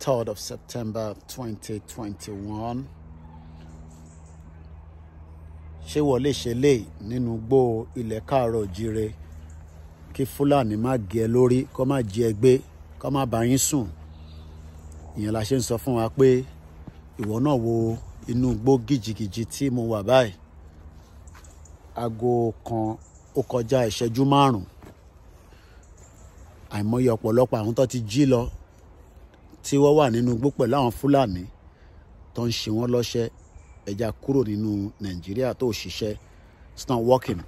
3rd of September 2021 ṣé wọ́n lè ṣe lè nínú gbó ilẹ̀ káàárọ̀ jíire kí Fúlàní má gé ẹ lórí kó má jí ẹ kó má bá yín sùn ìyẹn la ṣe ń sọ fún wa pé ìwọ náà wo inú gbó gìjìgìjì tí mo wà báyìí aago kan ó kọjá ìṣẹ́jú márùn-ún àìmọye ọ̀pọ̀lọpọ̀ àwọn tó ti jí lọ tí wọ́n wà nínú igbó pẹ̀lú àwọn fúlàní tó ń ṣe wọ́n lọ́ṣẹ́ ẹja kúrò nínú nàìjíríà tó ṣiṣẹ́ it's not working.